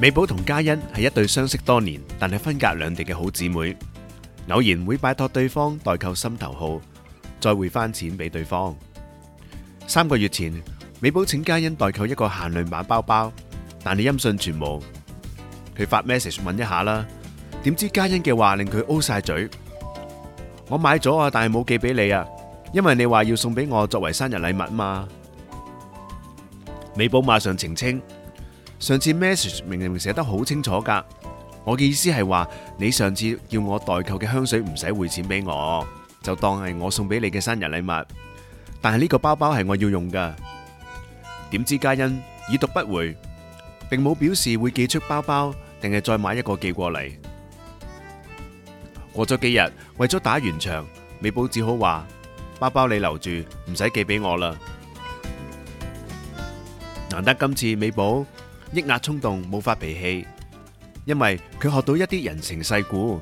美寶同加恩係一對相識多年，但係分隔兩地嘅好姊妹，偶然會拜託對方代購心頭好，再匯返錢俾對方。三個月前，美寶請加恩代購一個限量版包包，但係音訊全無，佢發 message 問一下啦。點知加恩嘅話令佢 O 晒嘴，我買咗啊，但係冇寄俾你啊，因為你話要送俾我作為生日禮物嘛。美寶馬上澄清。上次 message 明明寫得好清楚噶，我嘅意思係話你上次叫我代購嘅香水唔使匯錢俾我，就當係我送俾你嘅生日禮物。但係呢個包包係我要用噶。點知加恩已讀不回，並冇表示會寄出包包，定係再買一個寄過嚟。過咗幾日，為咗打圓場，美寶只好話，包包你留住，唔使寄俾我啦。難得今次美寶，抑壓衝動，冇發脾氣，因為佢學到一啲人情世故。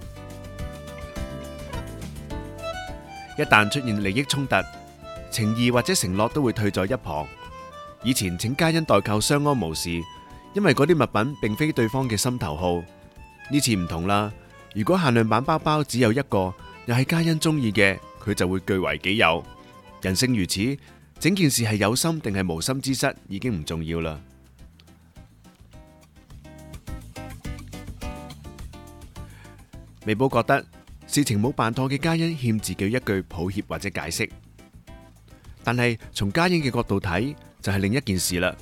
一旦出現利益衝突，情義或者承諾都會退在一旁。以前請加恩代購，相安無事，因為嗰啲物品並非對方嘅心頭好。呢次唔同啦，如果限量版包包只有一個，又係加恩中意嘅，佢就會據為己有。人性如此，整件事係有心定係無心之失，已經唔重要啦。美寶覺得事情冇辦妥嘅加恩欠自己一句抱歉或者解釋，但係從加恩嘅角度睇就係另一件事啦。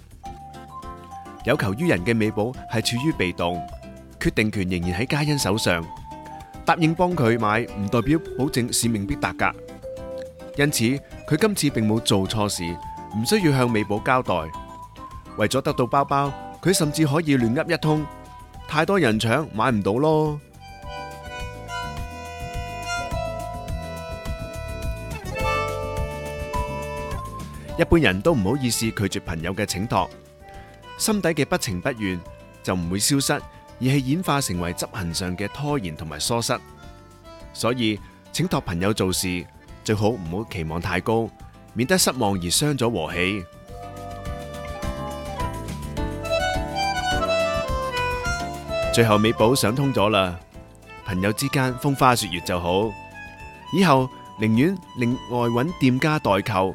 有求於人嘅美寶係處於被動，決定權仍然喺加恩手上。答應幫佢買唔代表保證使命必達㗎，因此佢今次並冇做錯事，唔需要向美寶交代。為咗得到包包，佢甚至可以亂噏一通，太多人搶，買唔到咯。一般人都唔好意思拒絕朋友嘅請託，心底嘅不情不願就唔會消失，而係演化成為執行上嘅拖延同埋疏失。所以請託朋友做事最好唔好期望太高，免得失望而傷咗和氣。最後美寶想通咗啦，朋友之間風花雪月就好，以後寧願另外揾店家代購。